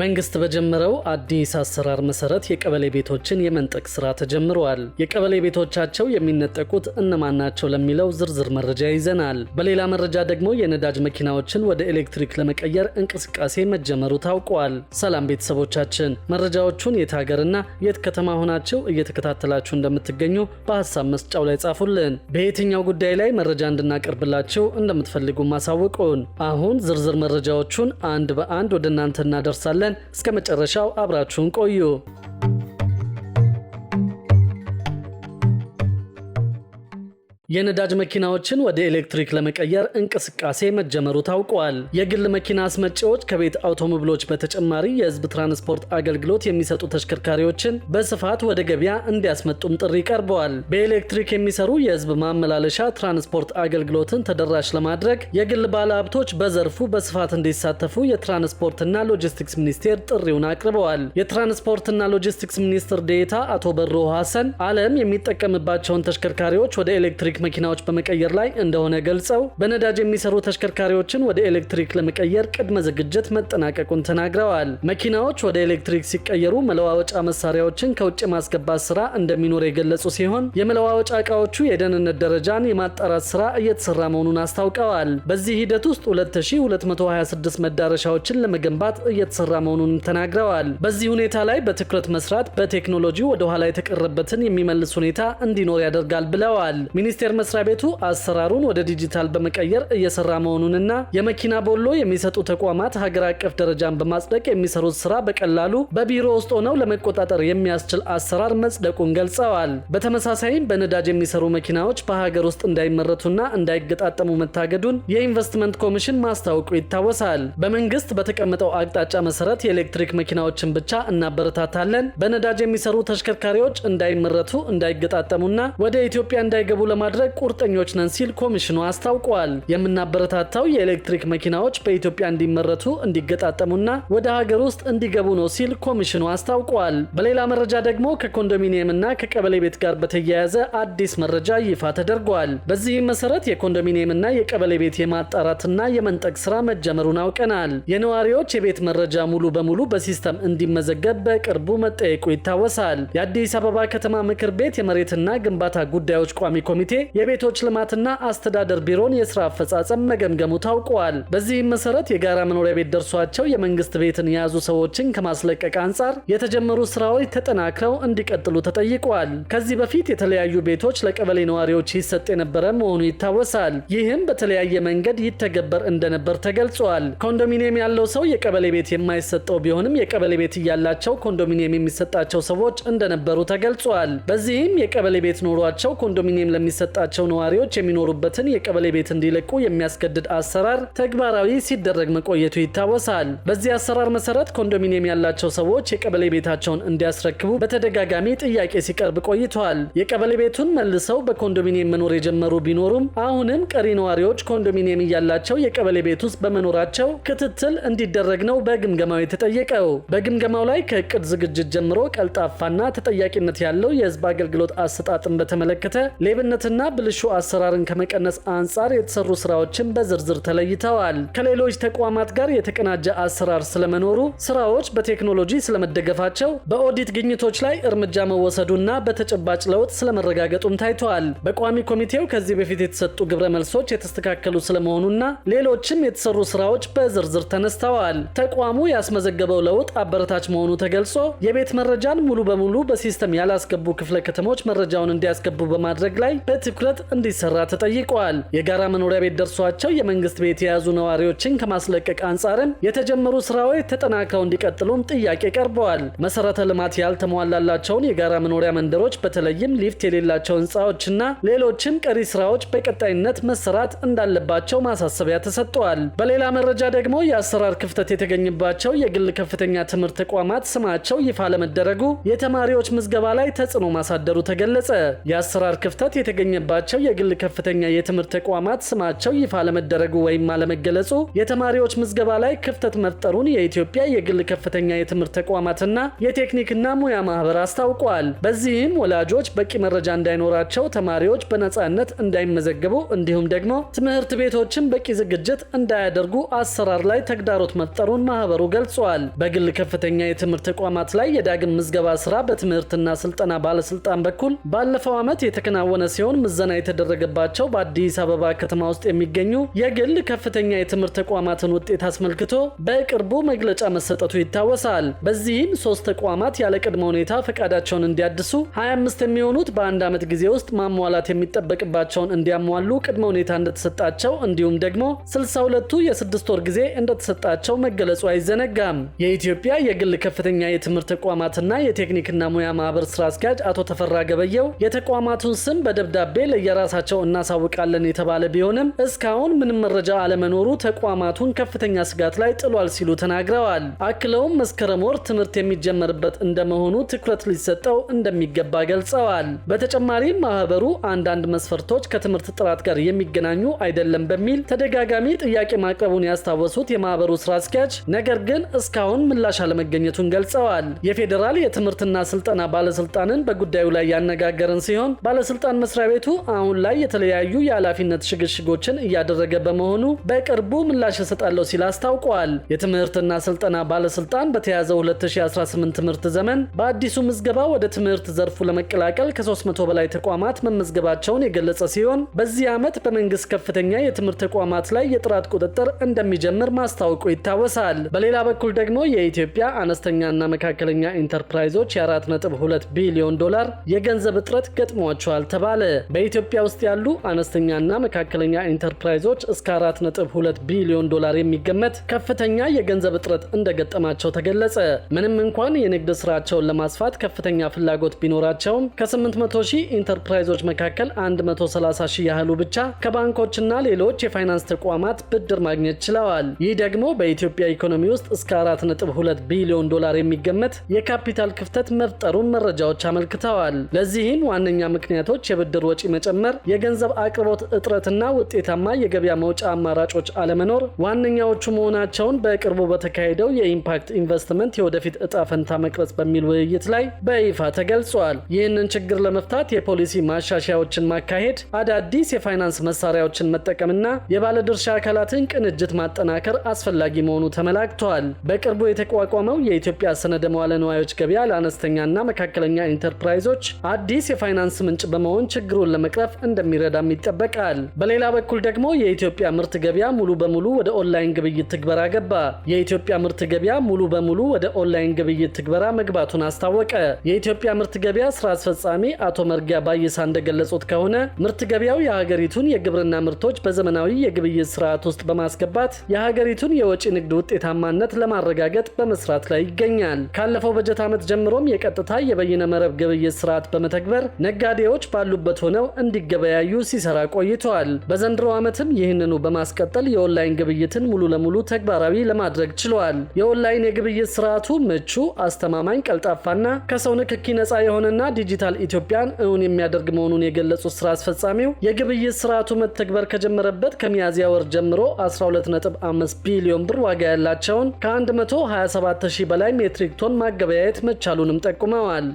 መንግስት በጀመረው አዲስ አሰራር መሰረት የቀበሌ ቤቶችን የመንጠቅ ስራ ተጀምረዋል። የቀበሌ ቤቶቻቸው የሚነጠቁት እነማን ናቸው ለሚለው ዝርዝር መረጃ ይዘናል። በሌላ መረጃ ደግሞ የነዳጅ መኪናዎችን ወደ ኤሌክትሪክ ለመቀየር እንቅስቃሴ መጀመሩ ታውቋል። ሰላም ቤተሰቦቻችን፣ መረጃዎቹን የት ሀገርና የት ከተማ ሆናችሁ እየተከታተላችሁ እንደምትገኙ በሀሳብ መስጫው ላይ ጻፉልን። በየትኛው ጉዳይ ላይ መረጃ እንድናቀርብላችሁ እንደምትፈልጉ ማሳወቁን። አሁን ዝርዝር መረጃዎቹን አንድ በአንድ ወደ እናንተ እናደርሳለን። እንመለሳለን። እስከ መጨረሻው አብራችሁን ቆዩ። የነዳጅ መኪናዎችን ወደ ኤሌክትሪክ ለመቀየር እንቅስቃሴ መጀመሩ ታውቋል። የግል መኪና አስመጪዎች ከቤት አውቶሞቢሎች በተጨማሪ የህዝብ ትራንስፖርት አገልግሎት የሚሰጡ ተሽከርካሪዎችን በስፋት ወደ ገበያ እንዲያስመጡም ጥሪ ቀርበዋል። በኤሌክትሪክ የሚሰሩ የህዝብ ማመላለሻ ትራንስፖርት አገልግሎትን ተደራሽ ለማድረግ የግል ባለሀብቶች በዘርፉ በስፋት እንዲሳተፉ የትራንስፖርትና ሎጂስቲክስ ሚኒስቴር ጥሪውን አቅርበዋል። የትራንስፖርትና ሎጂስቲክስ ሚኒስትር ዴኤታ አቶ በሮ ሀሰን ዓለም የሚጠቀምባቸውን ተሽከርካሪዎች ወደ ኤሌክትሪክ መኪናዎች በመቀየር ላይ እንደሆነ ገልጸው በነዳጅ የሚሰሩ ተሽከርካሪዎችን ወደ ኤሌክትሪክ ለመቀየር ቅድመ ዝግጅት መጠናቀቁን ተናግረዋል። መኪናዎች ወደ ኤሌክትሪክ ሲቀየሩ መለዋወጫ መሳሪያዎችን ከውጭ የማስገባት ስራ እንደሚኖር የገለጹ ሲሆን የመለዋወጫ እቃዎቹ የደህንነት ደረጃን የማጣራት ስራ እየተሰራ መሆኑን አስታውቀዋል። በዚህ ሂደት ውስጥ 2226 መዳረሻዎችን ለመገንባት እየተሰራ መሆኑን ተናግረዋል። በዚህ ሁኔታ ላይ በትኩረት መስራት በቴክኖሎጂ ወደ ኋላ የተቀረበትን የሚመልስ ሁኔታ እንዲኖር ያደርጋል ብለዋል። ሚኒስቴር ነገር መስሪያ ቤቱ አሰራሩን ወደ ዲጂታል በመቀየር እየሰራ መሆኑንና የመኪና ቦሎ የሚሰጡ ተቋማት ሀገር አቀፍ ደረጃን በማጽደቅ የሚሰሩት ስራ በቀላሉ በቢሮ ውስጥ ሆነው ለመቆጣጠር የሚያስችል አሰራር መጽደቁን ገልጸዋል። በተመሳሳይም በነዳጅ የሚሰሩ መኪናዎች በሀገር ውስጥ እንዳይመረቱና እንዳይገጣጠሙ መታገዱን የኢንቨስትመንት ኮሚሽን ማስታወቁ ይታወሳል። በመንግስት በተቀመጠው አቅጣጫ መሰረት የኤሌክትሪክ መኪናዎችን ብቻ እናበረታታለን፣ በነዳጅ የሚሰሩ ተሽከርካሪዎች እንዳይመረቱ እንዳይገጣጠሙና ወደ ኢትዮጵያ እንዳይገቡ ለማድረግ ለማድረግ ቁርጠኞች ነን ሲል ኮሚሽኑ አስታውቋል። የምናበረታታው የኤሌክትሪክ መኪናዎች በኢትዮጵያ እንዲመረቱ እንዲገጣጠሙና ወደ ሀገር ውስጥ እንዲገቡ ነው ሲል ኮሚሽኑ አስታውቋል። በሌላ መረጃ ደግሞ ከኮንዶሚኒየምና ከቀበሌ ቤት ጋር በተያያዘ አዲስ መረጃ ይፋ ተደርጓል። በዚህም መሰረት የኮንዶሚኒየምና የቀበሌ ቤት የማጣራትና የመንጠቅ ስራ መጀመሩን አውቀናል። የነዋሪዎች የቤት መረጃ ሙሉ በሙሉ በሲስተም እንዲመዘገብ በቅርቡ መጠየቁ ይታወሳል። የአዲስ አበባ ከተማ ምክር ቤት የመሬትና ግንባታ ጉዳዮች ቋሚ ኮሚቴ የቤቶች ልማትና አስተዳደር ቢሮን የስራ አፈጻጸም መገምገሙ ታውቋል። በዚህም መሰረት የጋራ መኖሪያ ቤት ደርሷቸው የመንግስት ቤትን የያዙ ሰዎችን ከማስለቀቅ አንጻር የተጀመሩ ስራዎች ተጠናክረው እንዲቀጥሉ ተጠይቋል። ከዚህ በፊት የተለያዩ ቤቶች ለቀበሌ ነዋሪዎች ይሰጥ የነበረ መሆኑ ይታወሳል። ይህም በተለያየ መንገድ ይተገበር እንደነበር ተገልጿል። ኮንዶሚኒየም ያለው ሰው የቀበሌ ቤት የማይሰጠው ቢሆንም የቀበሌ ቤት እያላቸው ኮንዶሚኒየም የሚሰጣቸው ሰዎች እንደነበሩ ተገልጿል። በዚህም የቀበሌ ቤት ኖሯቸው ኮንዶሚኒየም ለሚሰጣ የተሰጣቸው ነዋሪዎች የሚኖሩበትን የቀበሌ ቤት እንዲለቁ የሚያስገድድ አሰራር ተግባራዊ ሲደረግ መቆየቱ ይታወሳል። በዚህ አሰራር መሰረት ኮንዶሚኒየም ያላቸው ሰዎች የቀበሌ ቤታቸውን እንዲያስረክቡ በተደጋጋሚ ጥያቄ ሲቀርብ ቆይቷል። የቀበሌ ቤቱን መልሰው በኮንዶሚኒየም መኖር የጀመሩ ቢኖሩም አሁንም ቀሪ ነዋሪዎች ኮንዶሚኒየም እያላቸው የቀበሌ ቤት ውስጥ በመኖራቸው ክትትል እንዲደረግ ነው በግምገማው የተጠየቀው። በግምገማው ላይ ከእቅድ ዝግጅት ጀምሮ ቀልጣፋና ተጠያቂነት ያለው የህዝብ አገልግሎት አሰጣጥን በተመለከተ ሌብነትና ና ብልሹ አሰራርን ከመቀነስ አንጻር የተሰሩ ስራዎችን በዝርዝር ተለይተዋል። ከሌሎች ተቋማት ጋር የተቀናጀ አሰራር ስለመኖሩ፣ ስራዎች በቴክኖሎጂ ስለመደገፋቸው፣ በኦዲት ግኝቶች ላይ እርምጃ መወሰዱና በተጨባጭ ለውጥ ስለመረጋገጡም ታይተዋል። በቋሚ ኮሚቴው ከዚህ በፊት የተሰጡ ግብረ መልሶች የተስተካከሉ ስለመሆኑና ሌሎችም የተሰሩ ስራዎች በዝርዝር ተነስተዋል። ተቋሙ ያስመዘገበው ለውጥ አበረታች መሆኑ ተገልጾ የቤት መረጃን ሙሉ በሙሉ በሲስተም ያላስገቡ ክፍለ ከተሞች መረጃውን እንዲያስገቡ በማድረግ ላይ በትኩረት ትኩረት እንዲሰራ ተጠይቋል። የጋራ መኖሪያ ቤት ደርሷቸው የመንግስት ቤት የያዙ ነዋሪዎችን ከማስለቀቅ አንጻርም የተጀመሩ ስራዎች ተጠናክረው እንዲቀጥሉም ጥያቄ ቀርበዋል። መሰረተ ልማት ያልተሟላላቸውን የጋራ መኖሪያ መንደሮች በተለይም ሊፍት የሌላቸው ህንፃዎችና ሌሎችም ቀሪ ስራዎች በቀጣይነት መሰራት እንዳለባቸው ማሳሰቢያ ተሰጥቷል። በሌላ መረጃ ደግሞ የአሰራር ክፍተት የተገኘባቸው የግል ከፍተኛ ትምህርት ተቋማት ስማቸው ይፋ ለመደረጉ የተማሪዎች ምዝገባ ላይ ተጽዕኖ ማሳደሩ ተገለጸ። የአሰራር ክፍተት የተገኘ የተገኘባቸው የግል ከፍተኛ የትምህርት ተቋማት ስማቸው ይፋ ለመደረጉ ወይም አለመገለጹ የተማሪዎች ምዝገባ ላይ ክፍተት መፍጠሩን የኢትዮጵያ የግል ከፍተኛ የትምህርት ተቋማትና የቴክኒክና ሙያ ማህበር አስታውቋል። በዚህም ወላጆች በቂ መረጃ እንዳይኖራቸው ተማሪዎች በነፃነት እንዳይመዘገቡ እንዲሁም ደግሞ ትምህርት ቤቶችን በቂ ዝግጅት እንዳያደርጉ አሰራር ላይ ተግዳሮት መፍጠሩን ማህበሩ ገልጿል። በግል ከፍተኛ የትምህርት ተቋማት ላይ የዳግም ምዝገባ ስራ በትምህርትና ስልጠና ባለስልጣን በኩል ባለፈው ዓመት የተከናወነ ሲሆን ምዘና የተደረገባቸው በአዲስ አበባ ከተማ ውስጥ የሚገኙ የግል ከፍተኛ የትምህርት ተቋማትን ውጤት አስመልክቶ በቅርቡ መግለጫ መሰጠቱ ይታወሳል። በዚህም ሶስት ተቋማት ያለ ቅድመ ሁኔታ ፈቃዳቸውን እንዲያድሱ፣ 25 የሚሆኑት በአንድ ዓመት ጊዜ ውስጥ ማሟላት የሚጠበቅባቸውን እንዲያሟሉ ቅድመ ሁኔታ እንደተሰጣቸው እንዲሁም ደግሞ 62ቱ የስድስት ወር ጊዜ እንደተሰጣቸው መገለጹ አይዘነጋም። የኢትዮጵያ የግል ከፍተኛ የትምህርት ተቋማትና የቴክኒክና ሙያ ማህበር ስራ አስኪያጅ አቶ ተፈራ ገበየው የተቋማቱን ስም በደብዳቤ ለየራሳቸው እናሳውቃለን የተባለ ቢሆንም እስካሁን ምንም መረጃ አለመኖሩ ተቋማቱን ከፍተኛ ስጋት ላይ ጥሏል ሲሉ ተናግረዋል። አክለውም መስከረም ወር ትምህርት የሚጀመርበት እንደመሆኑ ትኩረት ሊሰጠው እንደሚገባ ገልጸዋል። በተጨማሪም ማህበሩ አንዳንድ መስፈርቶች ከትምህርት ጥራት ጋር የሚገናኙ አይደለም በሚል ተደጋጋሚ ጥያቄ ማቅረቡን ያስታወሱት የማህበሩ ስራ አስኪያጅ ነገር ግን እስካሁን ምላሽ አለመገኘቱን ገልጸዋል። የፌዴራል የትምህርትና ስልጠና ባለስልጣንን በጉዳዩ ላይ ያነጋገርን ሲሆን ባለስልጣን መስሪያ ቤቱ አሁን ላይ የተለያዩ የኃላፊነት ሽግሽጎችን እያደረገ በመሆኑ በቅርቡ ምላሽ እሰጣለሁ ሲል አስታውቋል። የትምህርትና ስልጠና ባለስልጣን በተያዘው 2018 ትምህርት ዘመን በአዲሱ ምዝገባ ወደ ትምህርት ዘርፉ ለመቀላቀል ከ300 በላይ ተቋማት መመዝገባቸውን የገለጸ ሲሆን በዚህ ዓመት በመንግስት ከፍተኛ የትምህርት ተቋማት ላይ የጥራት ቁጥጥር እንደሚጀምር ማስታወቁ ይታወሳል። በሌላ በኩል ደግሞ የኢትዮጵያ አነስተኛና መካከለኛ ኢንተርፕራይዞች የ4.2 ቢሊዮን ዶላር የገንዘብ እጥረት ገጥሟቸዋል ተባለ። በኢትዮጵያ ውስጥ ያሉ አነስተኛና መካከለኛ ኢንተርፕራይዞች እስከ 4.2 ቢሊዮን ዶላር የሚገመት ከፍተኛ የገንዘብ እጥረት እንደገጠማቸው ተገለጸ። ምንም እንኳን የንግድ ስራቸውን ለማስፋት ከፍተኛ ፍላጎት ቢኖራቸውም ከ800 ሺህ ኢንተርፕራይዞች መካከል 130 ሺህ ያህሉ ብቻ ከባንኮችና ሌሎች የፋይናንስ ተቋማት ብድር ማግኘት ችለዋል። ይህ ደግሞ በኢትዮጵያ ኢኮኖሚ ውስጥ እስከ 4.2 ቢሊዮን ዶላር የሚገመት የካፒታል ክፍተት መፍጠሩን መረጃዎች አመልክተዋል። ለዚህም ዋነኛ ምክንያቶች የብድር ወጪ መጨመር፣ የገንዘብ አቅርቦት እጥረትና ውጤታማ የገበያ መውጫ አማራጮች አለመኖር ዋነኛዎቹ መሆናቸውን በቅርቡ በተካሄደው የኢምፓክት ኢንቨስትመንት የወደፊት እጣ ፈንታ መቅረጽ በሚል ውይይት ላይ በይፋ ተገልጿል። ይህንን ችግር ለመፍታት የፖሊሲ ማሻሻያዎችን ማካሄድ፣ አዳዲስ የፋይናንስ መሳሪያዎችን መጠቀምና የባለድርሻ አካላትን ቅንጅት ማጠናከር አስፈላጊ መሆኑ ተመላክቷል። በቅርቡ የተቋቋመው የኢትዮጵያ ሰነደ መዋለ ንዋዮች ገበያ ለአነስተኛና መካከለኛ ኢንተርፕራይዞች አዲስ የፋይናንስ ምንጭ በመሆን ችግሩ ችግሩን ለመቅረፍ እንደሚረዳም ይጠበቃል። በሌላ በኩል ደግሞ የኢትዮጵያ ምርት ገበያ ሙሉ በሙሉ ወደ ኦንላይን ግብይት ትግበራ ገባ። የኢትዮጵያ ምርት ገበያ ሙሉ በሙሉ ወደ ኦንላይን ግብይት ትግበራ መግባቱን አስታወቀ። የኢትዮጵያ ምርት ገበያ ስራ አስፈጻሚ አቶ መርጊያ ባይሳ እንደገለጹት ከሆነ ምርት ገበያው የሀገሪቱን የግብርና ምርቶች በዘመናዊ የግብይት ስርዓት ውስጥ በማስገባት የሀገሪቱን የወጪ ንግድ ውጤታማነት ለማረጋገጥ በመስራት ላይ ይገኛል። ካለፈው በጀት ዓመት ጀምሮም የቀጥታ የበይነ መረብ ግብይት ስርዓት በመተግበር ነጋዴዎች ባሉበት ሆነ ተቀብለው እንዲገበያዩ ሲሰራ ቆይተዋል። በዘንድሮ ዓመትም ይህንኑ በማስቀጠል የኦንላይን ግብይትን ሙሉ ለሙሉ ተግባራዊ ለማድረግ ችለዋል። የኦንላይን የግብይት ስርዓቱ ምቹ፣ አስተማማኝ፣ ቀልጣፋና ከሰው ንክኪ ነጻ የሆነና ዲጂታል ኢትዮጵያን እውን የሚያደርግ መሆኑን የገለጹት ስራ አስፈጻሚው የግብይት ስርዓቱ መተግበር ከጀመረበት ከሚያዝያ ወር ጀምሮ 125 ቢሊዮን ብር ዋጋ ያላቸውን ከ127000 በላይ ሜትሪክ ቶን ማገበያየት መቻሉንም ጠቁመዋል።